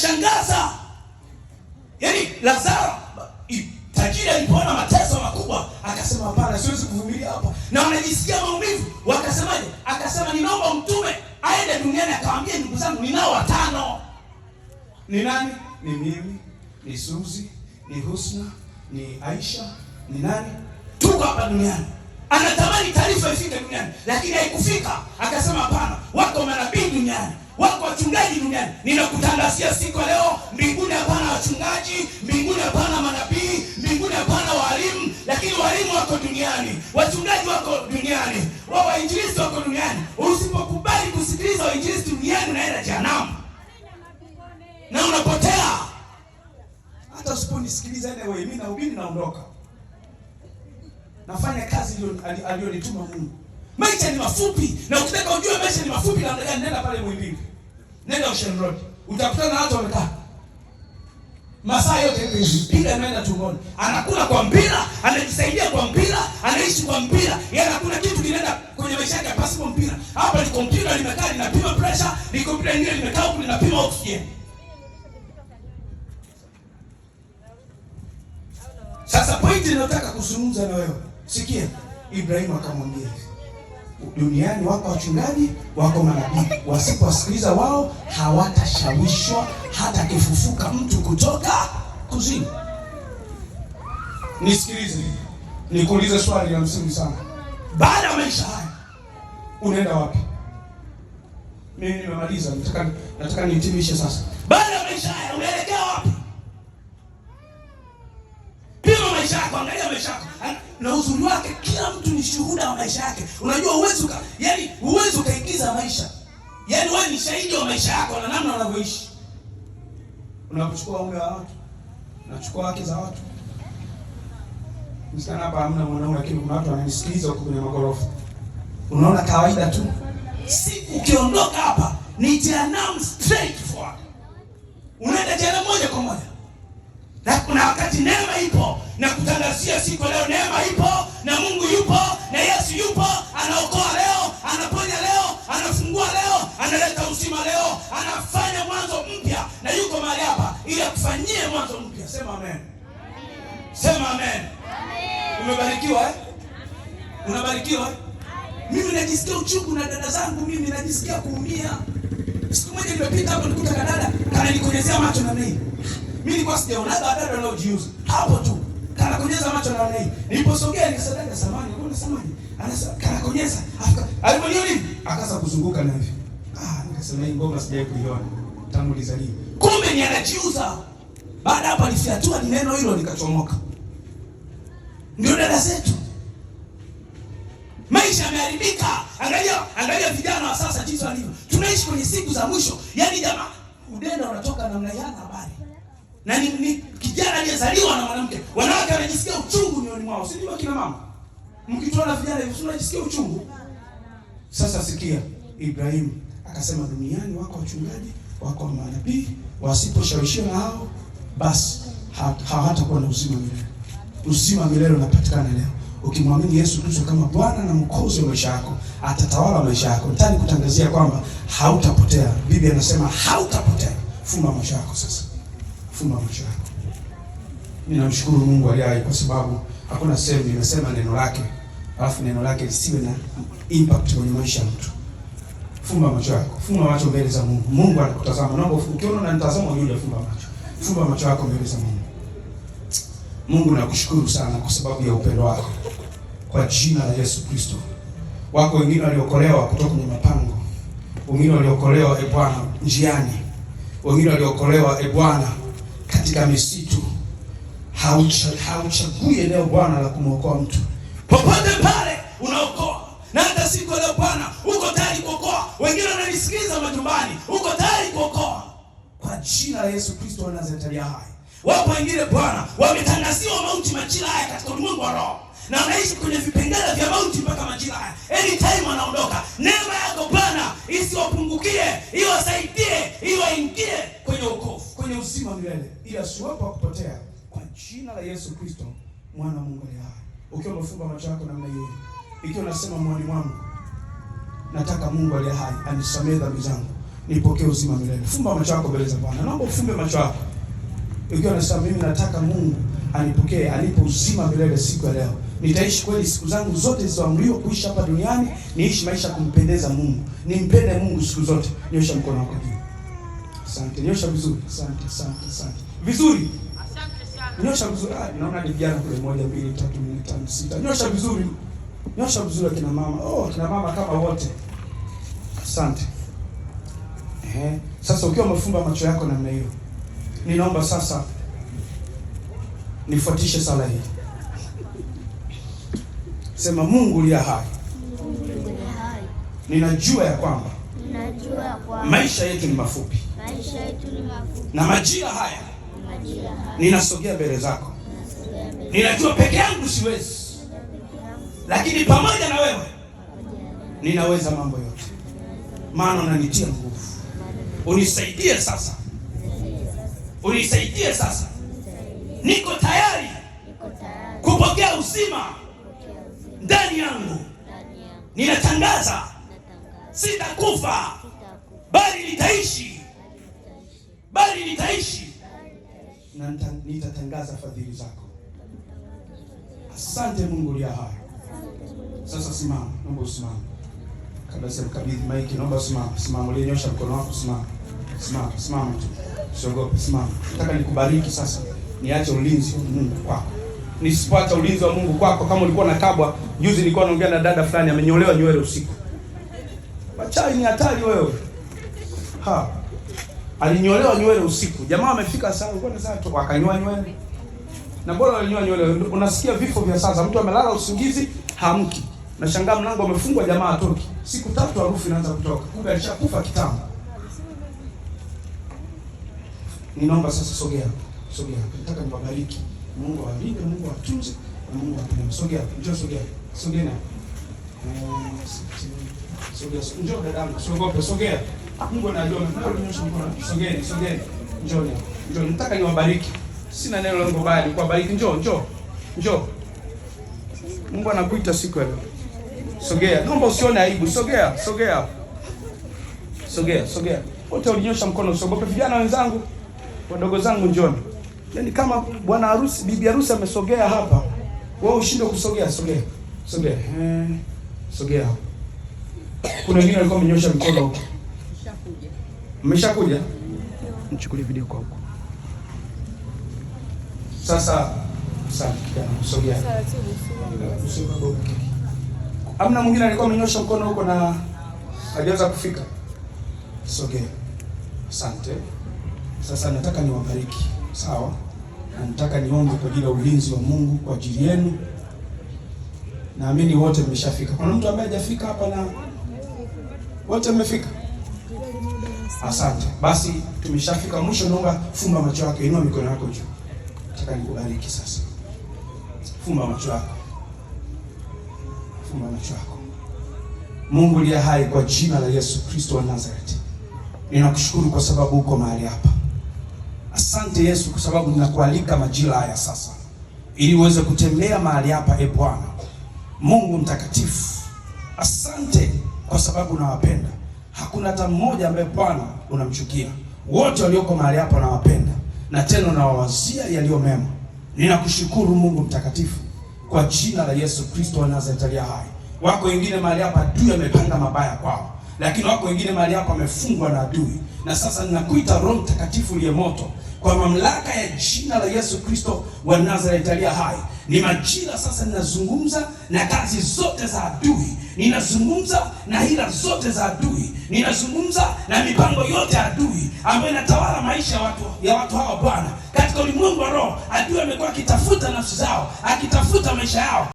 inashangaza. Yaani Lazaro tajiri alipoona mateso makubwa akasema, hapana, siwezi kuvumilia hapa, na wanajisikia maumivu. Wakasemaje? Akasema, ninaomba mtume aende duniani akawambia ndugu zangu, ninao watano. Ni nani? Ni mimi, ni Suzi, ni Husna, ni Aisha, ni nani? Tuko hapa duniani. Anatamani taarifa ifike duniani, lakini haikufika. Akasema, hapana, wako manabii duniani wako wachungaji duniani. Ninakutangazia siku leo, mbinguni hapana wachungaji, mbinguni hapana manabii, mbinguni hapana walimu, lakini walimu wako duniani, wachungaji wako duniani, wao wainjilisi wako duniani. Usipokubali kusikiliza wainjilisi duniani, unaenda jehanamu na unapotea. Hata usiponisikiliza anyway, mimi naubini naondoka, nafanya kazi aliyonituma Mungu. Maisha ni mafupi, na ukitaka ujue maisha ni mafupi namna gani, nenda pale Muhimbili, nenda Ocean Road, utakutana na watu wamekaa masaa yote hivi, piga naenda tumboni, anakula kwa mpira, anajisaidia kwa mpira, anaishi kwa mpira, yeye anakula kitu kinaenda kwenye maisha yake pasipo mpira. Hapa ni kompyuta limekaa linapima pressure, ni kompyuta nyingine limekaa huko linapima oxygen. Sasa pointi ninataka kuzungumza na wewe, sikia. Ibrahimu akamwambia hivi duniani wako wachungaji, wako manabii. Wasipowasikiliza wao, hawatashawishwa hata kifufuka mtu kutoka kuzimu. Nisikilize, nikuulize swali la msingi sana. Baada ya maisha haya unaenda wapi? Mimi nimemaliza, nataka nataka nihitimishe sasa. Baada na uzuri wake, kila mtu ni shuhuda wa maisha yake. Unajua uwezi yani, uwezi ukaigiza maisha, yani wewe ni shahidi wa maisha yako na namna unavyoishi. Unakuchukua ume wa watu, unachukua wake za watu. Msikana hapa hamna mwanaume, lakini kuna watu wananisikiliza huko kwenye magorofa. Unaona kawaida tu, siku ukiondoka hapa ni jehanamu straight for unaenda jehanamu moja kwa moja, na kuna wakati neema ipo na kutangazia siku leo, neema ipo na Mungu yupo na Yesu yupo, anaokoa leo, anaponya leo, anafungua leo, analeta uzima leo, anafanya mwanzo mpya, na yuko mahali hapa ili akufanyie mwanzo mpya. Sema amen, sema amen. Umebarikiwa eh? Unabarikiwa eh? Mimi najisikia uchungu na dada zangu, mimi najisikia kuumia. Siku moja nilipita hapo nikuta kadada kananikonezea macho na mimi. Mimi nilikuwa dada leo Hapo tu akabonyeza macho namna hii. Niliposogea nikasadaka samani, mbona samani? Anasema kanakonyeza. Afika nini? Akaanza kuzunguka na hivi. Ah, nikasema hii ngoma sijawahi kuiona tangu nizaliwe. Kumbe ni anajiuza. Baada hapo alifiatua ni neno hilo nikachomoka. Ndio dada zetu. Maisha yameharibika. Angalia, angalia vijana wa sasa jinsi walivyo. Tunaishi kwenye siku za mwisho. Yaani jamaa udenda unatoka namna yana habari na ni, ni kijana aliyezaliwa na mwanamke. Wanawake wanajisikia uchungu mioni mwao, si ndio? Kina mama, mkituona vijana hivyo, unajisikia uchungu. Sasa sikia, Ibrahimu akasema, duniani wako wachungaji, wako manabii, wasiposhawishiwa na hao, basi hawatakuwa na uzima milele. Uzima milele unapatikana leo ukimwamini Yesu Kristo kama Bwana na Mwokozi wa maisha yako, atatawala maisha yako. Nataka nikutangazia kwamba hautapotea. Biblia inasema hautapotea. Funga maisha yako sasa fumba macho yako. Ninamshukuru Mungu aliye hai kwa sababu hakuna sehemu nimesema neno lake alafu neno lake lisiwe na impact kwenye maisha ya mtu. Fumba macho yako, fumba macho mbele za Mungu. Mungu anakutazama. Naomba ukiona na nitazama ujue fumba macho, fumba macho yako mbele za Mungu. Mungu nakushukuru sana kwa sababu ya upendo wako kwa jina la Yesu Kristo. Wako wengine waliokolewa kutoka kwenye mapango, wengine waliokolewa e Bwana njiani, wengine waliokolewa e Bwana katika misitu, hauchagui eneo Bwana la kumwokoa mtu, popote pale unaokoa. Na hata siku leo Bwana uko tayari kuokoa wengine, wananisikiliza majumbani, uko tayari kuokoa kwa jina la Yesu Kristo wa Nazareti hai. Wapo wengine Bwana wametangaziwa mauti majira haya katika ulimwengu wa roho na wanaishi kwenye vipengele vya mauti mpaka majira haya, anytime wanaondoka uzima milele, ila siwapo wa kupotea, kwa jina la Yesu Kristo mwana wa Mungu aliye hai. Ukiwa umefumba macho yako namna hiyo, ikiwa unasema moyoni mwangu, nataka Mungu aliye hai anisamehe dhambi zangu, nipokee uzima milele, fumba macho yako mbele za Bwana. Naomba ufumbe macho yako, Ukiwa unasema mimi nataka Mungu anipokee alipo uzima milele siku ya leo, nitaishi kweli siku zangu zote zilizoamriwa kuishi hapa duniani, niishi maisha kumpendeza Mungu, nimpende Mungu siku zote. Nyosha mkono wako juu. Asante, nyosha vizuri. Asante, asante, asante. Vizuri. Asante sana. Nyosha vizuri. Ah, naona ni vijana kule moja, mbili, tatu, nne, tano, sita. Nyosha vizuri. Nyosha vizuri akina mama. Oh, akina mama kama wote. Asante. Eh, sasa ukiwa umefumba macho yako namna hiyo, ninaomba sasa nifuatishe sala hii. Sema Mungu uliye hai. Ninajua ya kwamba. Ninajua ya kwamba. Maisha yetu ni mafupi na majira haya, haya. Ninasogea mbele zako, ninajua peke yangu siwezi, lakini pamoja na wewe ninaweza mambo yote, maana unanitia nguvu. Unisaidie sasa, unisaidie sasa, niko tayari kupokea uzima ndani yangu. Ninatangaza sitakufa, bali nitaishi bali nitaishi na nitatangaza fadhili zako. Asante Mungu uliye haya Sasa simama, naomba usimame. Kabla sijakabidhi maiki, naomba simama, simama, uliyenyosha mkono wako, simama, simama, simama tu, usiogope, simama. Nataka nikubariki sasa, niache ulinzi wa Mungu kwako. Nisipata ulinzi wa Mungu kwako, kama ulikuwa na kabwa. Juzi nilikuwa naongea na dada fulani, amenyolewa nywele usiku. wachai ni hatari wewe, ha alinyolewa nywele usiku, jamaa amefika saa wakanyoa nywele na bora alinyoa nywele. Unasikia vifo vya sasa, mtu amelala usingizi hamki, nashangaa mlango umefungwa, jamaa atoki, siku tatu harufu inaanza kutoka, kumbe alishakufa kitambo. Ninaomba sasa, sogea sogea, nataka nibariki. Mungu awalinde, Mungu awatunze na Mungu awapende. Sogea, njoo, sogea, sogea na sogea, njoo dadangu, Sogea. sogea. Mungu anajua. Sogeni, sogeni. Njoni. Njoni. Nataka niwabariki. Sina neno langu baya kuwabariki. Njoo, njoo. Njoo. Mungu anakuita siku ya leo. Sogea. Naomba usione aibu. Sogea, sogea. Sogea, sogea. Wote ulinyosha mkono usiogope. Vijana wenzangu, wadogo zangu njoni. Yaani kama bwana harusi, bibi harusi amesogea hapa, wewe ushinde kusogea, sogea. Sogea. Eh. Sogea. Kuna wengine walikuwa wamenyosha mkono huko. Mmeshakuja mchukulie video kwa huko. Sasa amna mwingine alikuwa amenyosha mkono huko na hajaweza kufika. Sogea, asante. Sasa nataka niwabariki, sawa? Na nataka niombe kwa ajili ya ulinzi wa Mungu kwa ajili yenu. Naamini wote mmeshafika. Kuna mtu ambaye hajafika hapa? Na wote mmefika. Asante. Basi tumeshafika mwisho, naomba fumba macho yako, inua mikono yako juu. Nataka nikubariki sasa. Fumba macho yako, fumba macho yako. Mungu aliye hai, kwa jina la Yesu Kristo wa Nazareti, ninakushukuru kwa sababu uko mahali hapa. Asante Yesu kwa sababu ninakualika majira haya sasa, ili uweze kutembea mahali hapa. E Bwana Mungu mtakatifu, asante kwa sababu nawapenda hakuna hata mmoja ambaye Bwana unamchukia. Wote walioko mahali hapa nawapenda na tena nawawazia yaliyo mema. Ninakushukuru Mungu mtakatifu kwa jina la Yesu Kristo wa Nazareti aliye hai. Wako wengine mahali hapa adui amepanga mabaya kwao, lakini wako wengine mahali hapa amefungwa na adui, na sasa ninakuita Roho Mtakatifu liye moto, kwa mamlaka ya jina la Yesu Kristo wa Nazareti aliye hai ni majira sasa, ninazungumza na kazi zote za adui, ninazungumza na hila zote za adui, ninazungumza na mipango yote ya adui ambayo inatawala maisha ya watu, ya watu hawa Bwana, katika ulimwengu wa roho. Adui amekuwa akitafuta nafsi zao, akitafuta maisha yao.